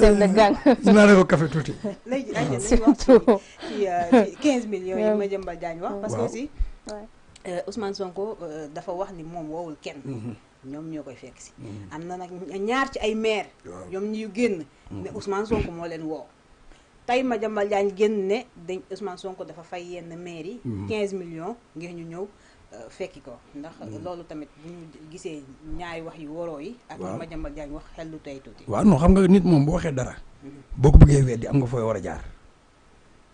seen la gang. dinaa ne ko café tuuti. léegi dañu wax ci 15 millions yi ma jëmbal jaañ wax. parce que aussi euh, Sonko euh, dafa wax ni moom wowul kenn. Mhm. ñoom ñoo koy fekk si. Mhm. am na nag ñaar ci ay maire ñoom ñu génn. Mhm. ne Ousmane Sonko moo leen woo. tey ma jëmbal jaañ génn ne dañ Ousmane Sonko dafa fay yenn maire yi. 15 millions ngir ñu ñëw. fekki ko ndax hmm. lolu tamit bu ñu gisee ñaay wax yu woro yi ak ma ak jaañ wax xel lu tey tuuti waaw non xam nga nit mom bu waxe dara hmm. boo ko bëggee wéddi am nga fooy wara jaar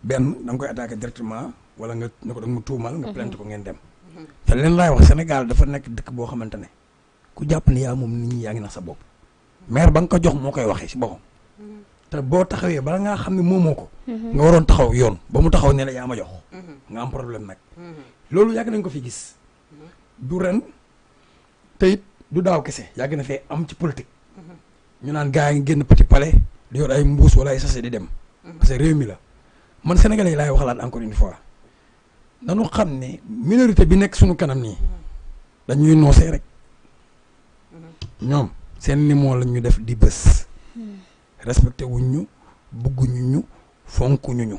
ben dang koy attaquer directement wala nga nako dang mu tuumal nga hmm. plainte ko ngeen dem fa leen lay wax Sénégal dafa nek dëkk bo xamantene ku japp ni ya mom nit ñi yaa ngi nax sa bop maire bang ko jox mo koy waxe ci boppam te bo taxawé ba nga xamni momoko nga waron taxaw yoon ba mu taxaw ne la ya ma jox nga am problème nak loolu yàgg nañ ko fi gis du ren te du daaw kese yàgg na fee am ci politique ñu naan gars yi ngi génn petit pale di yor ay mbuus wala ay sachet di dem parce que réew mi la man sénégalais yi laay waxalaat encore une fois dañu xam ne minorité bi nekk suñu kanam nii dañuy noosee rek ñoom seen limo la ñu def di bës hmm. respecté wuñ ñu bugguñu ñu fonkuñu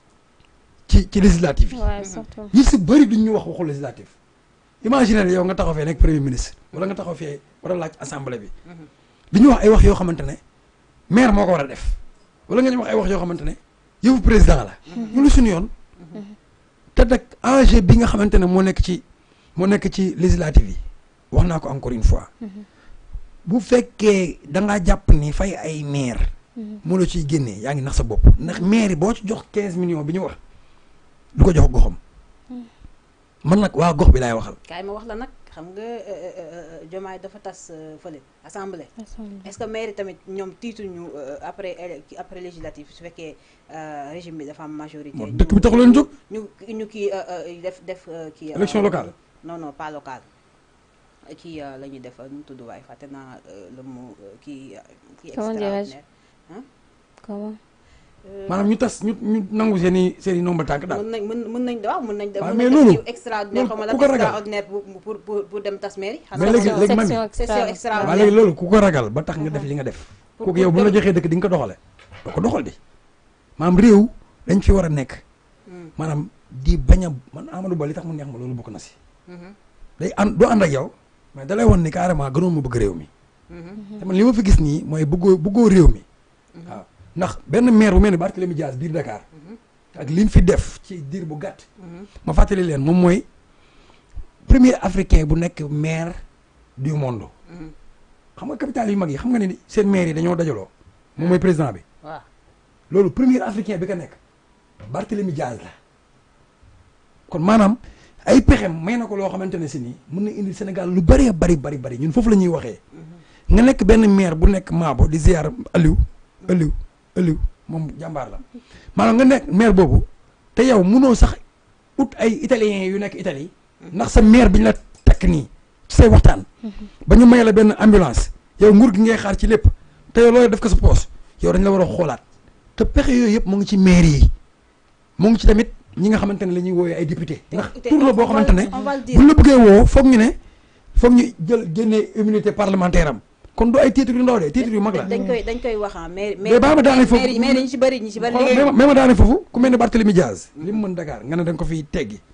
ci ci législative yi. surtout ñi si bëri duñ ñu wax waxu législative. imaginer yow nga taxaw fee nekk premier ministre wala nga taxaw fee war a laaj assemblée bi. Mm-hmm. duñu wax ay wax yoo xamante ne maire moo ko war a def wala nga ñu wax ay wax yoo xamante ne yow président la. ñu mm-hmm. lu suñu yoon. Mm-hmm. te nag enjeu bi nga xamante ne moo nekk ci moo nekk ci législative yi wax naa ko encore une fois. bu fekkee da ngaa jàpp ni fay ay maire. moo la ciy génnee yaa ngi nax sa bopp ndax maire boo ci jox 15 millions bi ñu wax. du ko jox goxam. man nag waa gox bi laay waxal. kaay ma wax la nag xam nga euh, euh, euh, Diomaye dafa tas fële assemblée. est-ce que mairie tamit ñoom tiituñu après après législative su fekkee régime bi dafa am majorité. ñu dëkk bi taxu leen jóg ñu ñu kii def def kii. élection locale. non non pas locale. kii la def nu mu tudd waaye fàtte le mot kii. kii extraordinaire comment Eh, manam ñu tass ñu ñu nangu seeni seeni nombre tank dal mën nañ ah, mën nañ waaw mën nañ dem mais loolu extraordinaire xama la extraordinaire pour dem tass mairie mais légui légui man session extraordinaire légui loolu ku ko ragal ba tax nga def li nga def ku yow bu la joxé dëkk di nga ko doxale ko doxal di manam réew dañ fi wara nek manam di baña man amadou ba tax mu neex ma loolu bokk na ci day and do and ak yow mais dalay won ni carrément gënon mu bëgg mi man hmm. ah. li ma fi gis ni moy bëggo bëggo mi waaw ndax benn maire bu mel ni Barthélémy Dias biir Dakar ak li fi def ci diir bu gàtt ma fàttali leen moom mooy premier africain bu nekk maire du monde xam nga capital yu mag yi xam nga ne seen maire yi dañoo dajaloo moom mooy président bi waaw loolu premier africain bi ka nekk Barthélémy Dias la kon maanaam ay pexem may na ko loo xamante ne si nii mën na indi Sénégal lu bëree bari bari bari ñun foofu la ñuy waxee nga nekk benn maire bu nekk Maabo di ziar Aliou ëllëg mom jambar la maanaam nga nek maire bobu te yow munoo sax ut ay italien yu nek Italie nak sa maire biñ la tek ni ci say waxtan bañu ñu may la benn ambulance yow nguur gi ngay xaar ci lepp te yow loy def ko sa poste yow dañ la wara a te pexe yoy yep mo ngi ci maire yi mo ngi ci tamit ñi nga xamantene lañuy woyé ay député nak tour la bo xamantene ne buñ la bëggee woo ñu ne foog ñu jël génnee immunité parlementaire am kon du ay titre yu ndaw de titre yu mag la dañ koy dañ koy wax ah, ma daane foofu mais dañ ma daane foofu ku mel ne Barthélemy Diaz li mu mën nga ne da ko fiy teggi